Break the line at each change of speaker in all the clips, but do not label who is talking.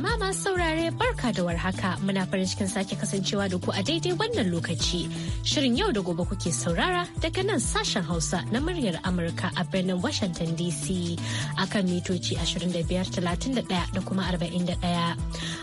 Jama'a masu saurare barka da warhaka muna farin cikin sake kasancewa da ku a daidai wannan lokaci. Shirin yau da gobe kuke saurara daga nan sashen Hausa na muryar Amurka a birnin Washington DC akan mitoci 25, 31 da kuma 41.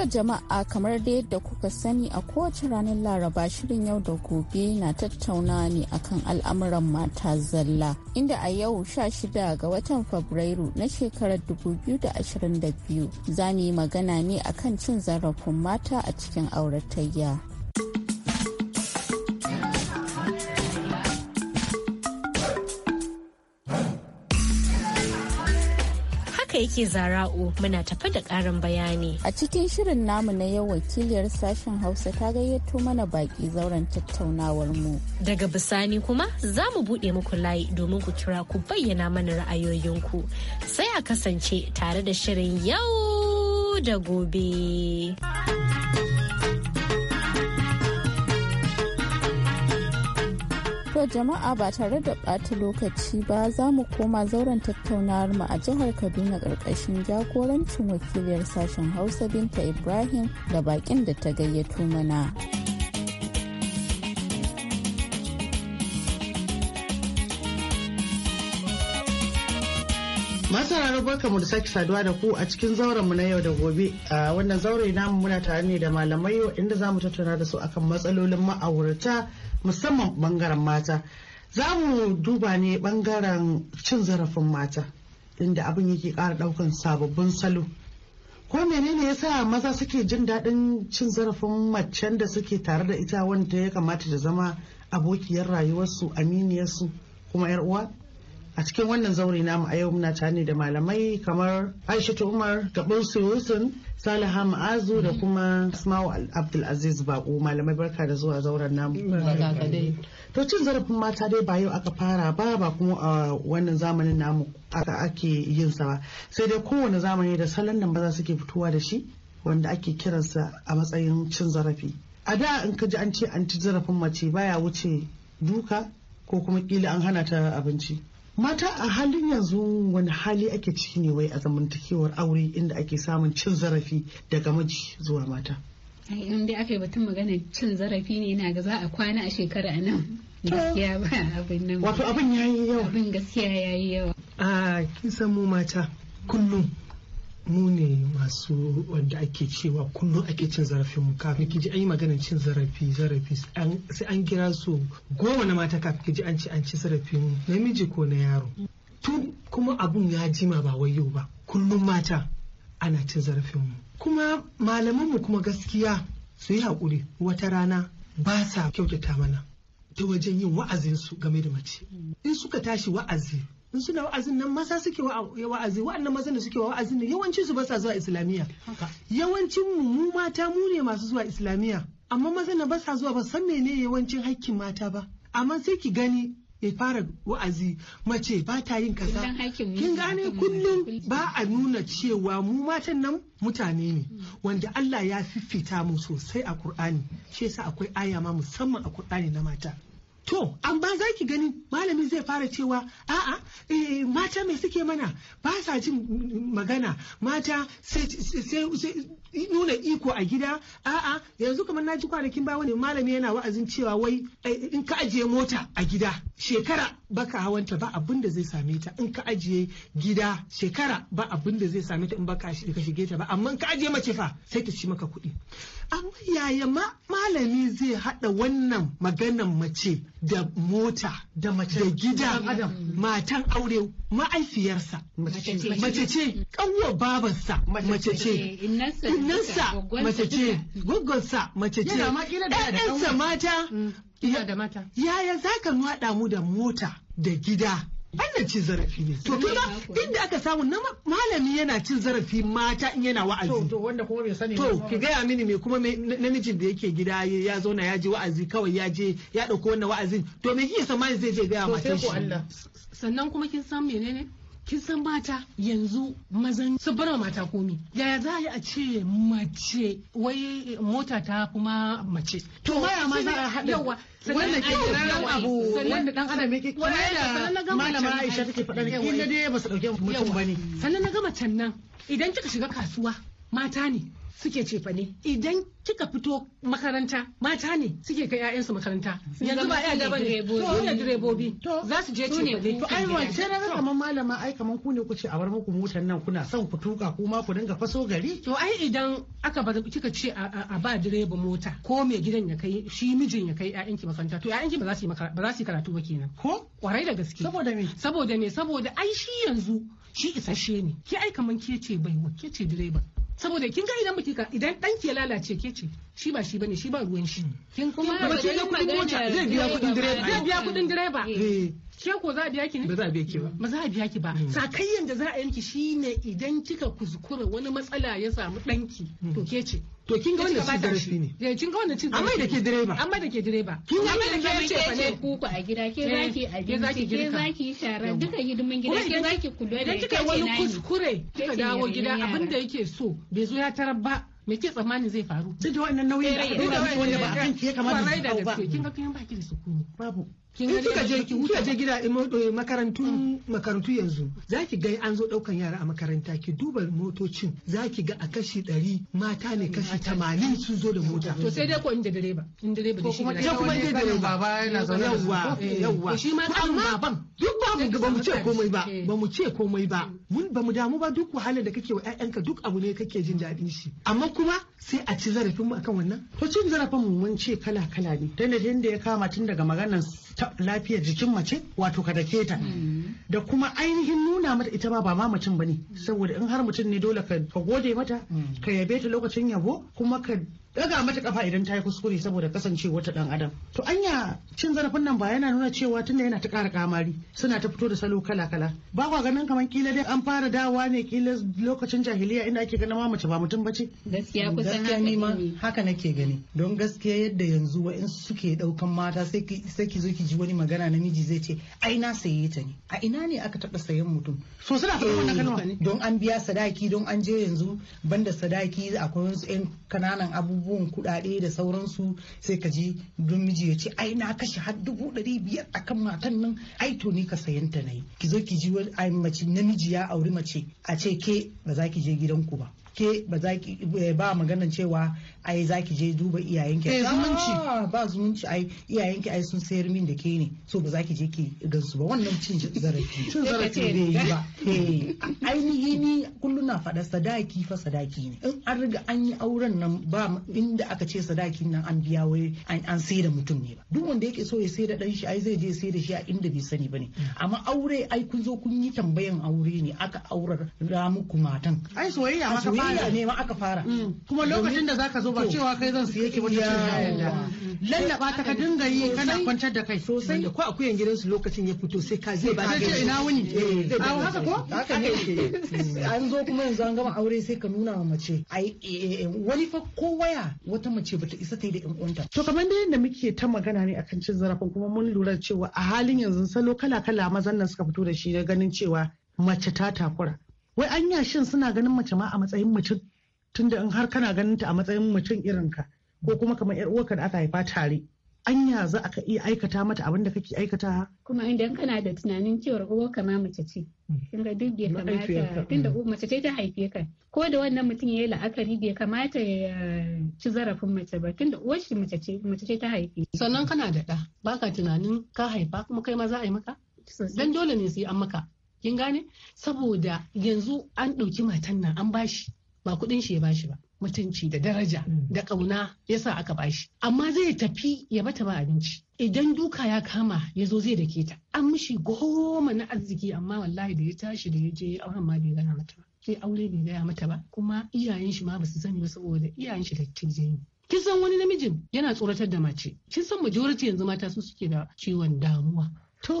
ta jama'a kamar da yadda kuka sani a kowace ranar Laraba shirin yau da gobe na tattauna ne akan al'amuran mata zalla. Inda a yau 16 ga watan Fabrairu na shekarar 2022 za mu yi magana ne akan cin zarafin mata a cikin auratayya.
yake zara'u muna tafa da karin bayani. A cikin shirin
namu na yau wakiliyar sashen Hausa ta gayyato mana baki zauren tattaunawar mu.
Daga bisani kuma za mu buɗe muku layi domin ku kira ku bayyana mana ra'ayoyinku. Sai a kasance tare da shirin yau da gobe.
ga jama'a ba tare da ɓata lokaci ba za mu koma zauren tattaunawar mu a jihar Kaduna ƙarƙashin jagorancin wakiliyar sashen Hausa Binta Ibrahim da bakin da ta gayyato mana.
Masararru barkamu da sake saduwa da ku a cikin zaurenmu na yau da gobe. A wannan zaure namu muna tare ne da malamai inda za mu tattauna da su akan matsalolin ma'aurata musamman bangaren mata za mu duba ne bangaren cin zarafin mata inda abin yake ƙara ɗaukan sababbin salo ko menene yasa maza suke jin daɗin cin zarafin macen da suke tare da ita wanda ya kamata da zama abokiyar rayuwarsu aminiyarsu kuma 'yar uwa a cikin wannan zauri namu a yau muna tare da malamai kamar aishatu umar gaban sunusun salaha ma'azu da kuma asma'u Aziz bako malamai barka da zuwa zauren namu to cin zarafin mata dai ba yau aka fara ba ba kuma a wannan zamanin namu aka ake yin sa ba sai dai kowane zamani da salon da maza suke fitowa da shi wanda ake kiransa a matsayin cin zarafi a da in ka ji an ce an ci zarafin mace baya wuce duka ko kuma kila an hana ta abinci mata a halin yanzu wani hali ake ciki ne wai a zamantakewar aure inda ake samun cin zarafi daga maji zuwa mata
in dai aka yi batun magana cin zarafi ne na ga za a kwana a shekara nan gaskiya ba abin nan wato abin yayi yawa abin gaskiya yayi yawa
a ah, kin san mu mata kullum mu ne masu wanda ake cewa kullum ake cin zarafin mu kafin kiji an yi maganar cin zarafi zarafi sai an kira su goma na mata kafin kiji an ci an ci zarafin namiji ko na yaro tun kuma abun ya jima ba wai yau ba kullum mata ana cin zarafin mu kuma malaman mu kuma gaskiya su yi hakuri wata rana ba sa kyautata mana ta wajen yin wa'azin su game da mace in suka tashi wa'azi in suna wa'azin nan maza suke wa'azi wa'annan mazan da suke wa'azin nan yawancin su ba zuwa islamiyya yawancin mu mata mu ne masu zuwa islamiyya amma mazan nan ba sa zuwa ba san ne yawancin hakkin mata ba amma sai ki gani ya fara wa'azi mace ba ta yin kaza kin gane kullum ba a nuna cewa mu matan nan mutane ne wanda Allah ya fiffita mu sosai a Kur'ani shi yasa akwai aya ma musamman a Kur'ani na mata to amma za ki gani malami zai fara cewa a'a e, mata mai suke mana ba sa jin magana mata sai nuna iko a gida a'a yanzu kamar na ji kwanakin ba wani malami yana wa'azin cewa wai eh, in ka ajiye mota a gida shekara baka hawanta ba abin da zai same ta in ka ajiye gida shekara ba abin da zai same ta in baka ka shige ta ba amma in ka ajiye mace fa sai ta ci maka kuɗi amma yaya ma malami zai haɗa wannan maganan mace da mota da mace da gida matan aure ma'aifiyarsa mace ce kawo babarsa mace ce innansa mace ce gugunsa mace ce ɗansa mata mm. Yaya za ka mu da mota da gida? Wannan cin zarafi ne. To kuma inda da aka samu na malami yana cin zarafi mata in yana wa'azi. To wanda kuma bai sani To ki gaya mini me kuma namijin da yake gida ya zauna ya je wa'azi kawai ya je ya ɗauko wannan wa'azin to me iya samani zai je gaya matan shi. Sannan kuma kin san menene? kin san mata yanzu mazan su bar mata komi yaya za a yi a ce mace wai mota ta kuma mace to maya ma za a haɗa yawa wanda ke kiraran abu wanda dan adam yake kira malama Aisha take faɗa kin da dai ba su dauke mutum bane sannan na ga macen nan idan kika shiga kasuwa mata ne suke cefane idan kika fito makaranta mata ne suke kai 'ya'yansu makaranta yanzu ba ya gaba ne ne direbobi za su je cefane to ai wance na kamar malama ai kamar ku ne ce a bar muku motar nan kuna son ku tuka kuma ku dinga faso gari to ai idan aka bar kika ce a ba direba mota ko mai gidan ya kai shi mijin ya kai 'ya'yanki makaranta to 'ya'yanki ba za su yi ba za su yi karatu ba kenan ko kwarai da gaske saboda me saboda me saboda ai shi yanzu shi isasshe ne ki ai kaman ke ce baiwa ke ce direba saboda kin ga idan muke idan ɗanki ya lalace ke ce shi ba shi bane shi ba ruwan shi kin kuma ba ce da kudin mota zai biya kudin direba zai biya kudin direba eh. ke ko za a biya ki ne ba za a biya ki ba ba za a biya ki ba hmm. sakayyan da za a yanki shine idan kika kuskura wani matsala ya samu danki hmm. to ke ce to kin ga wannan cin darasi ne eh kin ga wannan cin amma da ke direba amma da ke direba kin ga wannan ke ce fa ne ku a gida ke eh, zaki abinci ke zaki share duka hidimin gida ke zaki kula da idan kika wani kuskure kika dawo gida abinda yake so bai zo ya tarar ba me ke tsammani zai faru duk da wannan nauyin da aka dora miki wanda ba a kan ke kamata su ba kin ga kin baki da sukuni babu in kika je je gida makarantun mm. makarantu yanzu zaki ga an zo daukan yara a makaranta ki duba motocin zaki ga a kashi 100 mata ne kashi 80 sun zo da mota to sai dai ko inda direba in direba da shi ne kuma inda direba baba yana zaune yawa eh. yawa shi ma kan baban duk babu ba mu ce komai ba eh. ba mu ce komai ba mun ba mu damu ba duk wahalar da kake wa ƴaƴanka duk abu ne kake jin daɗin shi amma kuma sai a ci zarafin mu akan wannan to cin zarafin mu mun ce kala kala ne tunda da ya kama tun daga maganar lafiyar jikin mace wato ka dake ta da kuma ainihin nuna mata ita ma ba ma mutum ne saboda in har mutum ne dole ka gode mata ka yabe ta lokacin yabo kuma ka daga mata kafa idan ta yi kuskure saboda kasance wata dan adam to anya cin zarafin nan ba yana nuna cewa tunda yana ta kara kamari suna ta fito da salo kala kala ba kwa ganin kamar kila dai an fara dawa ne kila lokacin jahiliya inda ake ganin mace ba mutum bace gaskiya kusan haka ne haka nake gani don gaskiya yadda yanzu wa'in suke daukan mata sai ki sai ki zo ki ji wani magana namiji zai ce ai na saye ta ne a ina ne aka taba sayan mutum so suna fara wannan kalma don an biya sadaki don an je yanzu banda sadaki akwai wasu yan kananan abubuwa abubuwan kuɗaɗe da sauransu sai ka je don miji ya ce ai na kashe har dubu ɗari biyar akan matan nan ai to ni ka sayan ta na ki zo ki ji wani mace namiji ya auri mace a ce ke ba za ki je gidanku ba ke ba za ki eh, ba magana cewa ai za ki je duba iyayenki eh zumunci ah, ba zumunci ai iyayenki ai sun sayar min da ke ne so ba za ki je ki gansu ba wannan cin zarafi cin zarafi ne yi ba eh ainihi ni kullum na faɗa sadaki fa sadaki ne in an riga an yi auren nan ba inda aka ce sadakin nan an biya wai an sai da mutum ne ba duk wanda yake so ya sai da dan shi ai zai je sai da shi a inda bai sani ba ne. amma aure ai kun zo kun yi tambayan aure ne aka aurar muku matan ai soyayya maka fara ne ma aka fara mm. kuma lokacin da zaka zo ba cewa kai zan siye ki wata lallaba ta ka dinga yi kana kwantar da kai sosai ko akuyan su lokacin ya fito sai ka zai ba ka ce ina wuni eh, haka ko haka ne an zo kuma yanzu an gama aure sai ka nuna wa mace ai eh, eh, wani fa ko waya wata mace bata isa ta yi da yan to kamar da yadda muke ta magana ne akan cin zarafin kuma mun lura cewa a halin yanzu salo kala kala mazan nan suka fito da shi da ganin cewa mace ta takura wai anya shin suna ganin mace ma a matsayin mutum tunda in har kana ganin ta a matsayin mutum irin ka ko kuma kamar yar uwarka da aka haifa tare anya za a ka iya aikata mata abin da kake aikata
kuma idan kana da tunanin cewar uwarka ma mace ce kin ga duk bai kamata mm. tunda mace ce ta haife ka ko da wannan mutum yayi la'akari bai kamata ya
ci zarafin mace ba tunda uwar shi mace ce mace ce ta haife sannan kana da ɗa baka tunanin ka haifa kuma kai ma za a yi maka dan dole ne sai an maka kin gane saboda yanzu an ɗauki matan nan an bashi ba kuɗin shi ya bashi ba mutunci da daraja mm. da ƙauna ya sa aka bashi amma zai tafi ya bata ba abinci idan duka ya kama ya zo zai dake ta an mishi goma na arziki amma wallahi da ya tashi da ya je auren ma bai gana mata ba sai aure bai gaya mata ba kuma iyayen shi ma basu sani ba saboda iyayen shi da ne. kin san wani namijin yana tsoratar da mace kin san majority yanzu mata su suke da ciwon damuwa To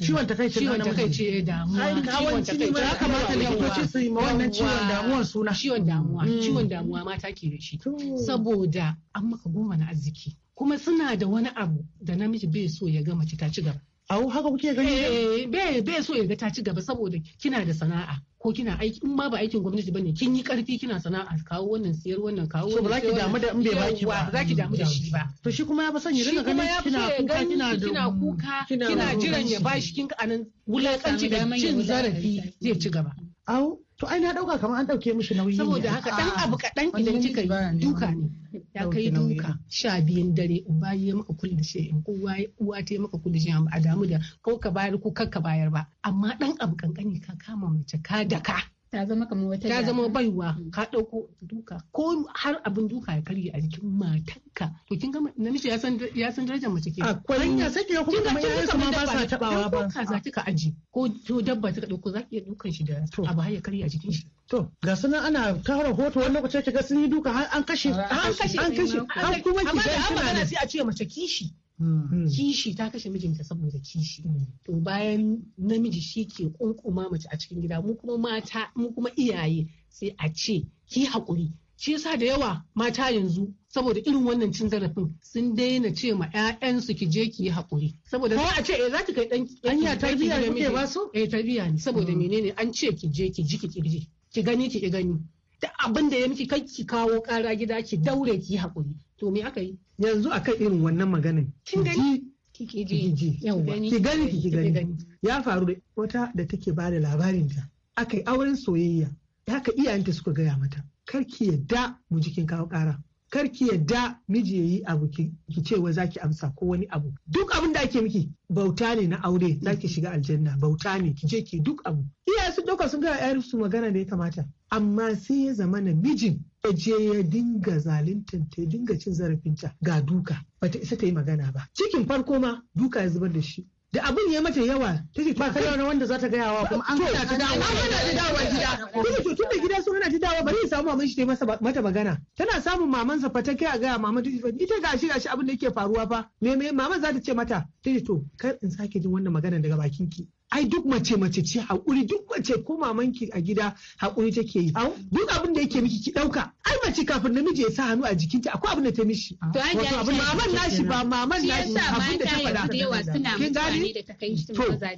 ciwon ta takaici ciwon takaici ya eh, damuwa ciwon takaici ya kamata likitoci su yi ma wannan ciwon damuwa suna ciwon damuwa mm. ciwon damuwa mata ke da shi saboda an maka goma na arziki kuma suna da wani abu da namiji bai so ya ga mace ta ci gaba Awo haka kuke gani? Eh, eh bai bai so ya ga ta ci gaba saboda kina da sana'a ko kina aiki in ma ba aikin gwamnati bane kin yi karfi kina sana'a kawo wannan siyar wannan kawo wannan. So zaki za ki damu da in bai baki ba. Ba damu da shi ba. To shi kuma ya fi sanya ya rinka ganin kina kuka kina da kina kuka kina jiran ya bashi kin anan wulakanci da cin zarafi zai ci gaba. Au to ai na dauka kamar an dauke mishi nauyi saboda haka dan abu kadan idan kika duka ne ya kai duka sha biyun dare in bayi ya maka kulli shi in uwa ta maka kulli shi a damu da ko ka bayar ko bayar ba amma dan abu kankani ka kama mace ka daka ta zama kamar wata ta zama baiwa mm. ka dauko duka ko har abin duka ya karye a jikin matanka to kin ga namiji ya san ya san darajar mace ke akwai ya sake kuma kuma yayin kuma ma ba sa tabawa ba ka za kika aji ko to dabba ta dauko za ki iya dukan shi da abu har ya karye a jikin shi to ga sanan ana ta rahoto wani lokaci ga sun yi duka an kashe an kashe an kashe an kuma kiga ana sai a ce mace kishi Hmm. Hmm. kishi ta kashe mijinta saboda kishi to bayan namiji shi ke kunkuma mace a cikin gida mu kuma mata mu kuma iyaye sai a ce ki haƙuri shi yasa da yawa mata yanzu saboda irin wannan cin zarafin sun daina ce ma 'ya'yansu ki je ki yi haƙuri saboda ko a ce eh za ki kai dan anya tarbiya ne ba su eh tarbiya ne saboda hmm. menene an ce ki je ki ji ki kirje ki gani ki gani duk abin da ya miki kai ki kawo kara gida ki daure ki hakuri to me aka yi yanzu akan irin wannan maganin kin gani kike ji ki gani ki gani ya faru da wata da take ba da labarin ta akai auren soyayya haka iyayenta suka gaya mata kar ki yadda mu jikin kawo kara kar ki yadda miji ya yi abu ki ce wa zaki amsa ko wani abu duk abin da ake miki bauta ne na aure zaki shiga aljanna bauta ne ki je ki duk abu iyaye sun dauka sun ga yar su magana da ya kamata amma sai ya zama na mijin ya je ya dinga zalunta ta dinga cin zarafinta ga duka bata isa ta yi magana ba cikin farko ma duka ya zubar da shi da abin ya mata yawa take ba kai wani wanda za ta gaya wa kuma an hana ta dawa an
ta
gida
kuma
to tunda gida sun hana ta dawa bari ya samu mamanshi shi ta masa mata magana tana samun mamansa fa ta kai a gaya mamanta ta ita gashi gashi abin da yake faruwa fa me me maman za ta ce mata ta to kar in sake jin wannan magana daga bakinki ai duk mace mace ce haƙuri duk mace ko mamanki a gida haƙuri take yi duk abin da yake miki ki ɗauka ai mace kafin namiji ya sa hannu a jikinta akwai abin da ta mishi wato abin maman nashi ba maman nashi abin da ta faɗa kin gani to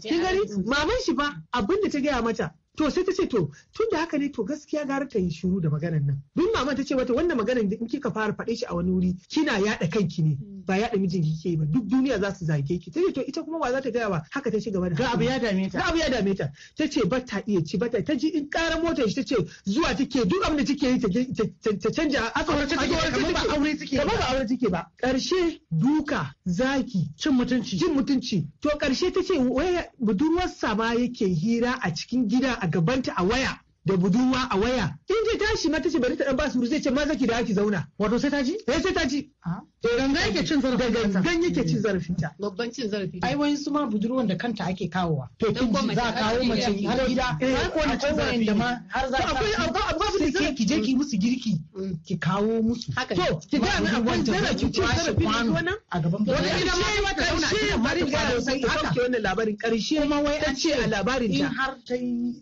kin gani maman shi ba abin da ta gaya mata to sai ta ce to tun da haka ne to gaskiya gara ta yi shiru da maganan nan duk mama ta ce mata wannan maganan in kika fara faɗe shi a wani wuri kina yaɗa kanki ne hmm. ba yaɗa mijin kike ba duk duniya za su zage ki ta ce to ita kuma wa za ta gaya wa haka ta ci gaba da ga abu ya dame ta ga abu ya dame ta ta ce ba ta iya ci ba ta ta ji in ƙara motar shi ta ce zuwa take duk abin da take yi ta canja a ta take kamar ba aure take ba ba aure take ba ƙarshe duka zaki cin mutunci cin mutunci to ƙarshe ta ce wai budurwarsa ma yake hira a cikin gida a gabanta a waya da budurwa a waya in je tashi ma tace bari ta dan ba su zai ce ma zaki da ki zauna wato sai ta ji eh sai ta ji ah. to ganga yake cin zarafin da gangan yake cin zarafin ta babban cin zarafi ai wani su ma budurwan da kanta ake kawowa to kin ji za kawo mace har gida eh, ko na cin zarafi da ma har za akwai babu da zarafi ki je ki musu girki mm. ki kawo musu to ki ga na akwai zarafi cin zarafi wannan a gaban wani ina ma wata zauna ki bari ga sai ka dauke wannan labarin karshe kuma wai an ce a labarin ta in har ta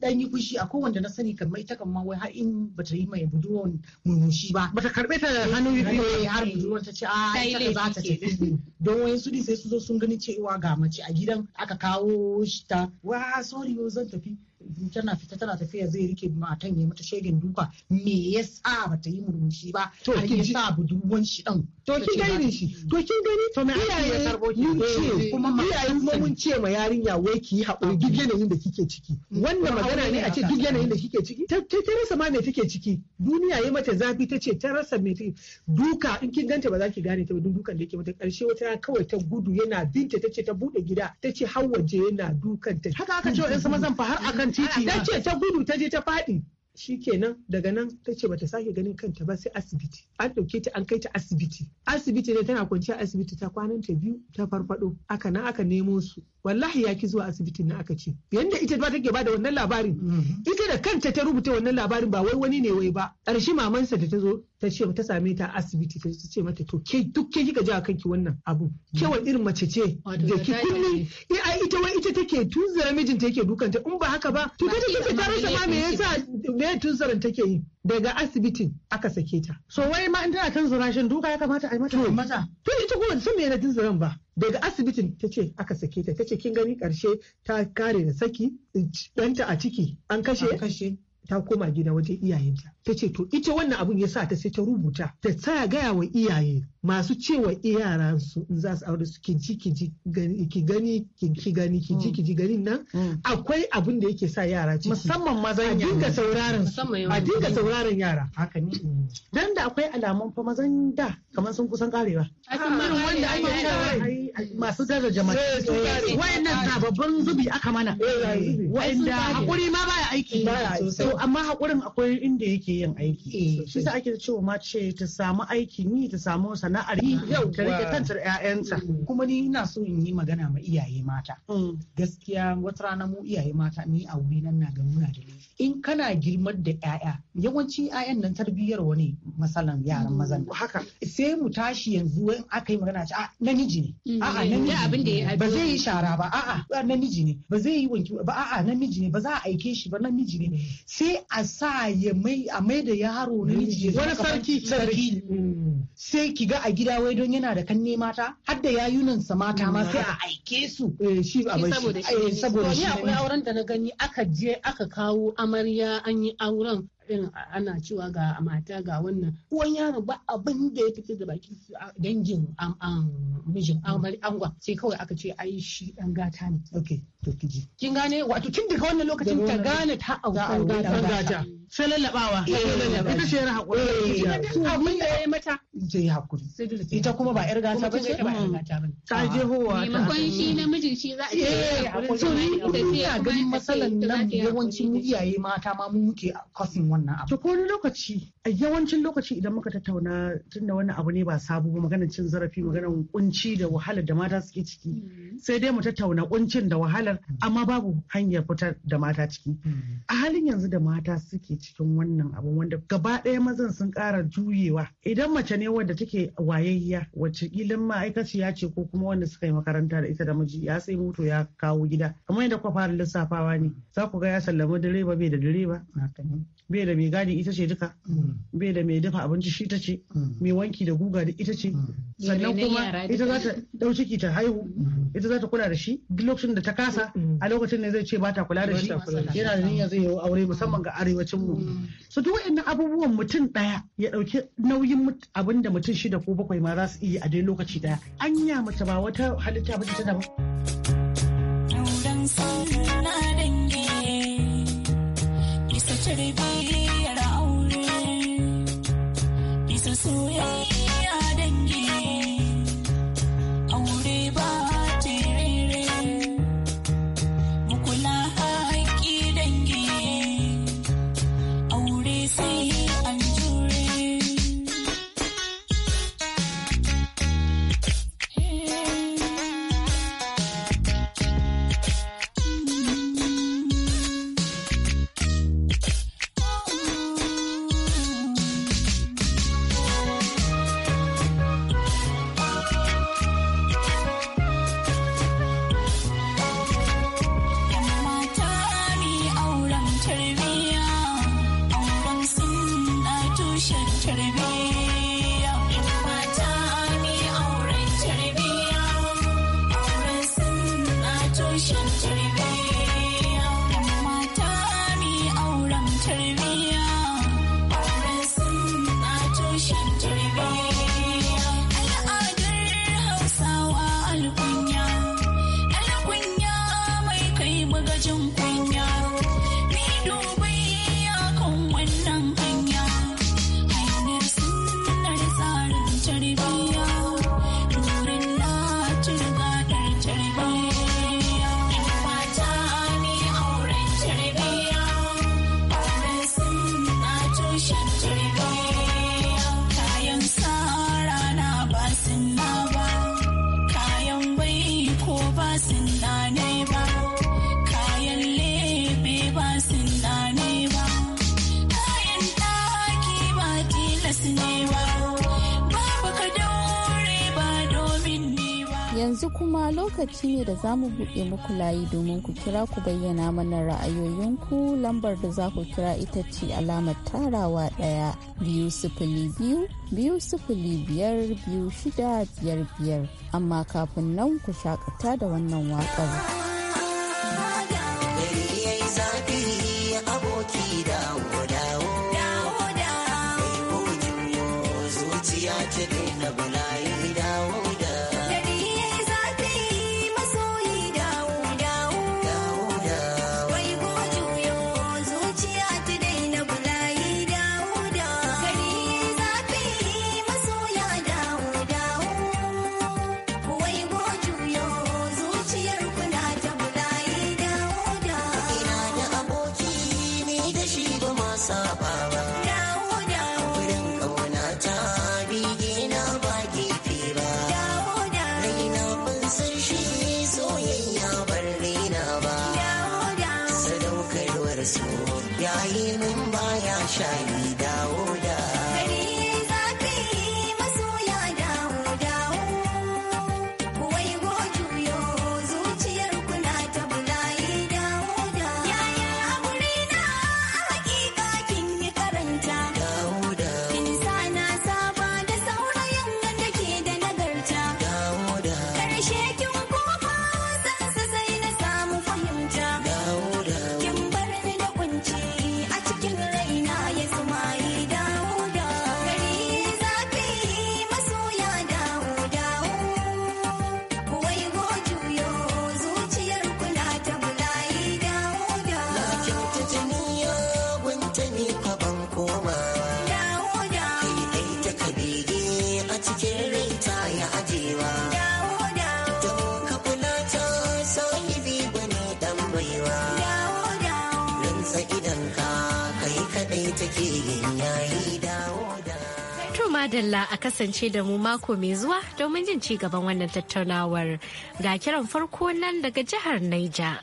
dan yi kushi akwai wanda na sani yi kamar ita kan ma wai har in bata yi mai budurwar murmushi ba bata karbe ta hannu biyu eh, har budurwar ta ce ah, a ita za ta tafi don wayan su sai su zo sun gani cewa ga mace a gidan aka kawo shi ta wa sorry zan tafi tana fita tana tafiya zai rike matan ya mata shegen duka me yasa ta yi murmushi ba har ya sa budurwan shi dan To kin gani ne shi. To kin gani to me iyaye mun ce eh, kuma iyaye kuma mun ce ma yarinya wai ki yi haƙuri duk yanayin da kike ciki. Mm. Wannan magana ne a ce duk yanayin da kike ciki. Ta ta rasa ma me take ciki. Duniya ya mata zafi ta ce ta rasa me take duka in kin ganta ba za ki gane ta ba duk dukan da yake mata karshe wata kawai ta gudu yana binta ta ce ta bude gida ta ce har waje yana dukan ta. Haka aka ce wa ɗan sama zan fa har akan titi. Ta ce ta gudu ta je ta faɗi. shi kenan daga nan ta ce bata sake ganin kanta ba sai asibiti an ɗauke ta an kai ta asibiti asibiti ne tana kwanciya asibiti ta kwanan ta biyu ta farfado aka nan aka nemo su wallahi ya ki zuwa asibitin na aka ce yanda ita ba take bada wannan labarin mm-hmm. ita da kanta ta rubuta wannan labarin ba wai wani ne wai ba ƙarshe mamansa da ta zo ta ce ta same ta asibiti ta ce mata to ke duk ke kika ji a kanki wannan abu kewa irin mace ce da ki kullum eh, ita wai ita take tunzura mijinta yake dukanta in ba haka ba to kaje kike ta rasa ma me yasa me tunzuran take yi daga asibitin aka sake ta. So wai ma in tana tunzura shin duka ya kamata a yi mata mata. To ita kuma sun me na tunzuran ba. Daga asibitin ta ce aka sake ta ta ce kin gani karshe ta kare da saki danta a ciki an kashe. An kashe. ta koma gida wajen iyayenta ta ce to ita wannan abun ya sa ta sai ta rubuta ta sa gaya wa iyaye masu cewa yara su za su aure su kinci ki gani ki gani ki ji ki ji gani mm. nan mm. akwai abin da yake sa yara ciki musamman mazan yara a dinga sauraron a dinga sauraron yara haka ne dan da akwai alamun fa mazan da kamar sun kusan karewa irin wanda ake masu daraja mace eh, wayannan babban zubi aka mana eh, wayanda hakuri ma baya aiki to amma hakurin akwai inda yake yin aiki eh, shi sa ake cewa mace ta samu aiki ni ta samu sana'a sana'ar ta rike tantar 'ya'yanta kuma ni ina so in yi magana ma iyaye mata mm. gaskiya wata rana mu iyaye mata ni a wuri nan na ga muna da ni. in kana girmar da 'ya'ya yawanci 'ya'yan nan tarbiyyar wani masalan yaran mazan mm, haka sai mu tashi yanzu in aka yi magana ce a ah, namiji ne mm. a'a namiji ne ba zai yi shara ba a'a namiji ne ba zai yi wanki ba a'a namiji ne ba za a aike shi ba namiji ne sai a sa ya mai a mai da yaro namiji wani sarki sarki sai ki ga a gida wai don yana da kanne mata har da sa mata ma sai a aike su eh, shi a bai shi saboda shi eh, akwai auren da na gani aka je aka kawo amarya an yi auren irin ana cewa ga mata ga wannan uwan yaro ba abin da ya fito da baki dangin mijin angwa sai kawai aka ce ai shi dan gata ne okay to kiji kin gane wato tun daga wannan lokacin ta gane ta aukan gata Eh. sai lallabawa ita ce yana hakuri eh. abin da yayi mata je yi hakuri
ita kuma ba yar gata ba ce mm. ta je howa ta. maimakon shi namijin shi za a je eh, hakuri to ne ita ce ina ganin matsalan nan yawancin
iyaye mata ma mu muke kasin wannan abu to ko wani lokaci yawancin lokaci idan muka tattauna tunda wannan abu ne ba sabo ba maganar cin zarafi maganar kunci da wahalar da mata suke ciki mm. sai dai mu tattauna kuncin da wahalar amma babu hanyar fitar da mata ciki mm. a halin yanzu da mata suke cikin wannan abun wanda gaba ɗaya mazan sun ƙara juyewa idan mace ne wadda take wayayya wacce ilin ma'aikaciya ce ko kuma wanda suka yi makaranta da ita da miji ya sai moto ya kawo gida kamar yadda kuka fara lissafawa ne za ku ga ya sallama direba bai da direba bai da mai gadi ita ce duka mm. bai da mai dafa abinci shi ta ce mm. mai wanki da guga da ita ce mm. sannan kuma ita za ta dau ciki ta haihu ita za ta kula da shi duk lokacin da ta kasa a lokacin ne zai ce ba ta kula da shi yana da niyya zai yi aure musamman ga arewacin mu nono su duk wa'annan abubuwan mutum daya ya dauki nauyin abin da mutum shida ko bakwai ma za su iya a dai lokaci daya anya mace ba wata halitta ba ta da ba
lokaci ne da za mu buɗe muku layi domin ku kira ku bayyana mana ra'ayoyinku lambar da za ku kira ita ce alamar tarawa ɗaya biyu sifili biyu biyu sifili biyar biyu shida biyar biyar amma kafin nan ku shakata da wannan
waƙar. aboki dawo dawo dawo dawo
madalla a kasance da mu mako mai zuwa domin jin ci gaban wannan tattaunawar ga kiran farko nan daga jihar Naija.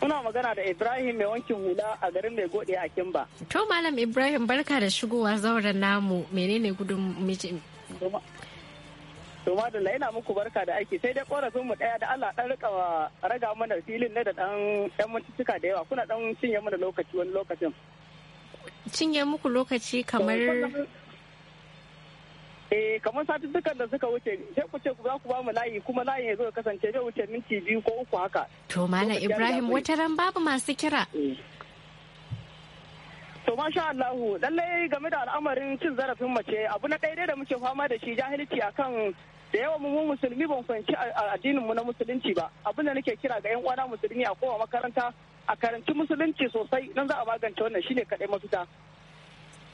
Muna magana da Ibrahim mai wankin hula a garin mai gode a Kimba.
To Malam Ibrahim barka da shigowa zauren namu menene gudun mijin.
to madalla yana muku barka da aiki sai dai korafin mu daya da Allah dan rika raga mana filin ne da dan dan da yawa kuna dan cinye mana lokaci wani lokacin
cinye muku lokaci kamar
eh kamar satuttukan da suka wuce sai ku ce ku za ku ba mu layi kuma layin ya zo kasance zai wuce minti biyu ko uku haka to malam ibrahim wata
ran babu masu kira
to masha Allahu lallai game da al'amarin cin zarafin mace abu na ɗaya da muke fama da shi jahilci akan da yawa mu musulmi ban fahimci addinin mu na musulunci ba abin da nake kira ga yan uwana musulmi a kowa makaranta a karanci musulunci sosai nan za a magance wannan shine kaɗai mafita.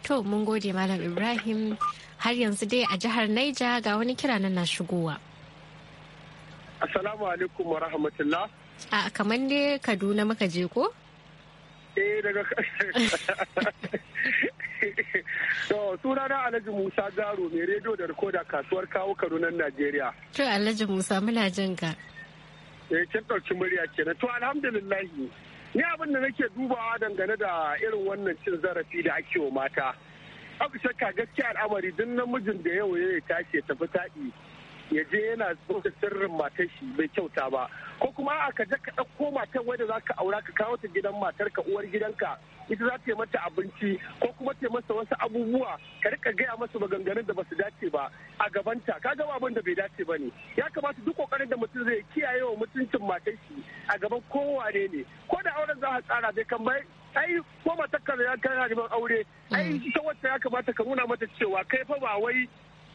To mun gode Malam Ibrahim har yanzu dai a jihar Naija ga wani kira nan na shigowa.
Assalamu alaikum wa rahmatullah.
A kamar dai Kaduna muka je ko?
Eh daga To suna na Alhaji Musa Garo mai rediyo da rikoda kasuwar kawo Kaduna Najeriya.
To Alhaji Musa muna
jin ka. Eh kin dauki murya kenan. To alhamdulillahi. ni abin da nake dubawa dangane da irin wannan cin zarafi da ake wa mata abu shakka gaskiya al'amari duk namijin da yau ya tashi ya tafi taɗi ya je yana tsoka sirrin matar shi bai kyauta ba ko kuma aka je ka ɗauko matar wadda za ka aura ka kawo ta gidan ka uwar gidanka ita za ta mata abinci ko kuma ta masa wasu abubuwa ka rika gaya masa maganganun da ba su dace ba a gabanta ka ga abin da bai dace ba ne ya kamata duk kokarin da mutum zai kiyaye wa mutuncin matar shi a gaban kowane ne ko da auren za ka tsara bai kan bai ai ko matakar ya kai neman aure ai mm. ita wacce ya kamata ka nuna mata cewa kai fa ba wai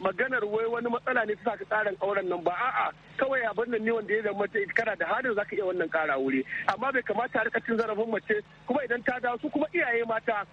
maganar wai wani matsala ne ta ka tsarin auren nan ba a'a kawai a bannan ne wanda ya zama ta kana da halin za ka iya wannan kara wuri amma bai kamata a cin zarafin mace kuma idan ta dawo su kuma iyaye mata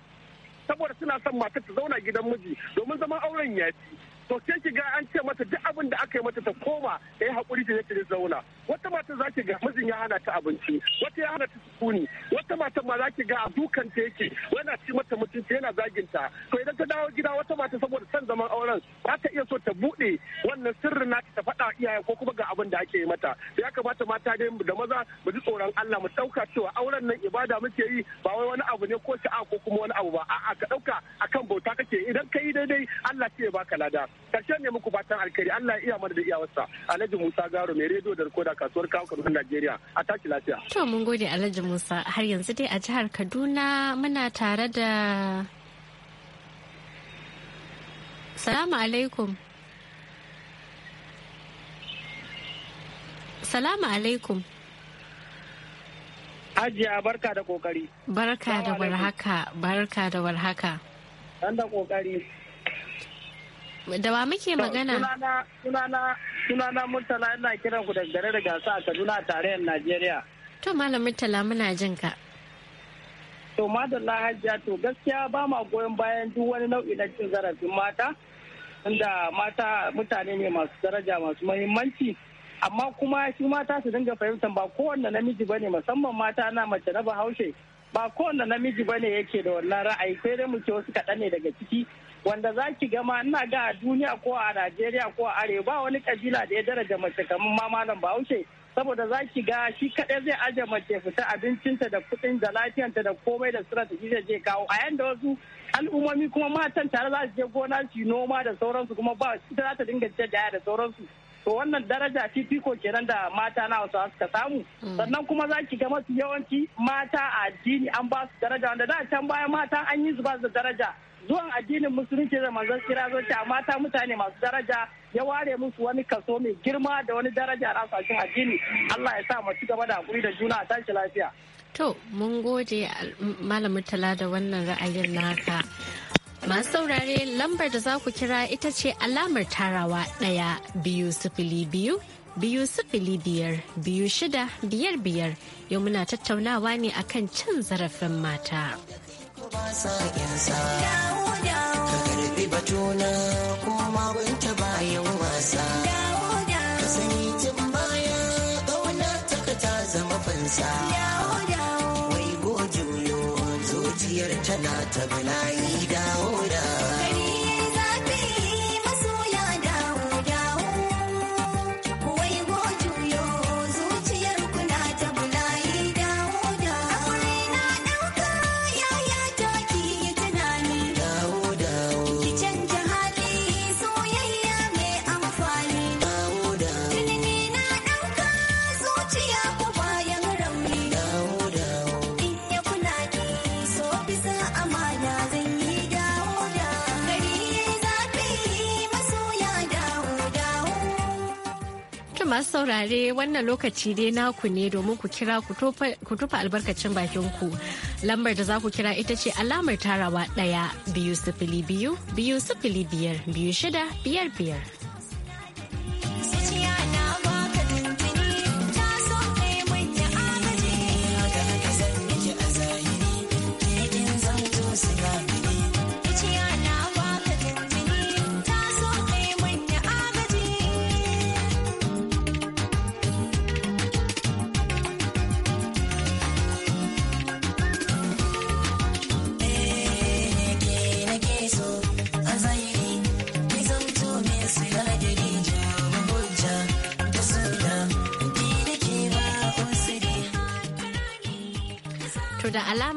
saboda suna son matar ta zauna gidan miji domin zaman auren ya fi to sai ki ga an ce mata duk abin da aka yi mata ta koma ta yi haƙuri ta ta zauna wata mata za ki ga mijin ya hana ta abinci wata ya hana ta sukuni wata mata ma za ki ga a dukan ta yake yana ci mata mutunci yana zagin ta to idan ta dawo gida wata mata saboda son zaman auren za ta iya so ta buɗe wannan sirrin na ta faɗa iyaye ko kuma ga abin da ake yi mata ya kamata mata dai da maza mu ji tsoron Allah mu ɗauka cewa auren nan ibada muke yi ba wai wani abu ne ko sha'a ko kuma wani abu ba a'a ka ɗauka akan bauta kake idan ka yi daidai Allah ce ya baka lada karshen ne muku fatan alkari Allah ya iya mana da iyawarsa Alhaji Musa Garo mai rediyo da rikoda kasuwar kawo Kaduna Najeriya a tashi lafiya
to mun gode Alhaji Musa har yanzu dai a jihar Kaduna muna tare da Salamu alaikum Salamu alaikum
ajiya barka da kokari.
Barka da warhaka, barka da warhaka.
Dan da kokari. da ba
muke magana
sunana sunana murtala ina kiran ku daga da gasa a kaduna tarayyar najeriya
to malam murtala muna jin ka
to madalla hajiya to gaskiya ba ma goyon bayan duk wani nau'i na cin zarafin mata inda mata mutane ne masu daraja masu mahimmanci amma kuma shi mata su dinga fahimtar ba kowanne namiji bane musamman mata na mace na bahaushe ba kowanne namiji bane yake da wannan ra'ayi sai dai mu ce wasu kaɗan ne daga ciki wanda za ki gama ina ga a duniya ko a Najeriya ko a Arewa ba wani kabila da ya daraja mace kamar ma malam Bahaushe saboda za ki ga shi kaɗai zai aje mace fita abincinta da kuɗin da lafiyanta da komai da surat da zai kawo a yanda wasu al'ummomi kuma matan tare za su je gona su noma da sauransu kuma ba shi za ta dinga jajjaya da sauransu to wannan daraja fifiko kenan da mata na wasu suka samu mm. sannan kuma za ki ga masu yawanci mata a addini an ba su daraja wanda da can baya mata an yi su ba su daraja zuwan addinin musulunci da manzon kira zo a mata mutane masu daraja ya ware musu wani kaso mai girma da wani daraja a rasashin addini Allah ya sa mu ci gaba da hakuri da juna a tashi lafiya to mun gode
malam tala da wannan ra'ayin naka Masu saurare lambar da za ku kira ita ce alamar tarawa ɗaya biyu sifili biyu biyu sifili biyar biyu shida biyar biyar yau muna tattaunawa ne akan cin zarafin mata.
ba sa ka karɓi batuna ko magunta bayan wasa ka sani tun baya ƙauna taka ta zama fansa wai gojuyo zuciyar tana ta bala'i dawo da
saurare wannan lokaci dai naku ne domin ku kira ku tufa albarkacin bakin ku. Lambar da za ku kira ita ce alamar tarawa ɗaya biyu sifili biyu biyu sifili biyar biyu shida biyar biyar.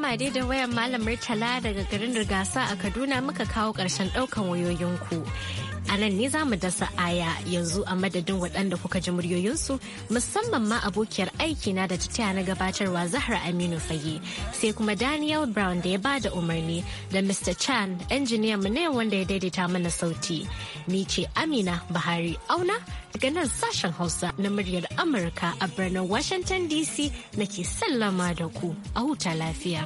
kuma dai da wayan Malam Murtala daga garin Rigasa a Kaduna muka kawo ƙarshen ɗaukan wayoyinku. a nan ne za mu dasa aya yanzu a madadin waɗanda kuka ji muryoyinsu musamman ma abokiyar aiki na da ta na gabatarwa zahra aminu fage sai kuma daniel brown da ya ba da umarni da mr chan injiniyan mu ne wanda ya daidaita mana sauti ni ce amina bahari auna daga nan sashen hausa na muryar amurka a birnin washington dc nake sallama da ku a huta lafiya.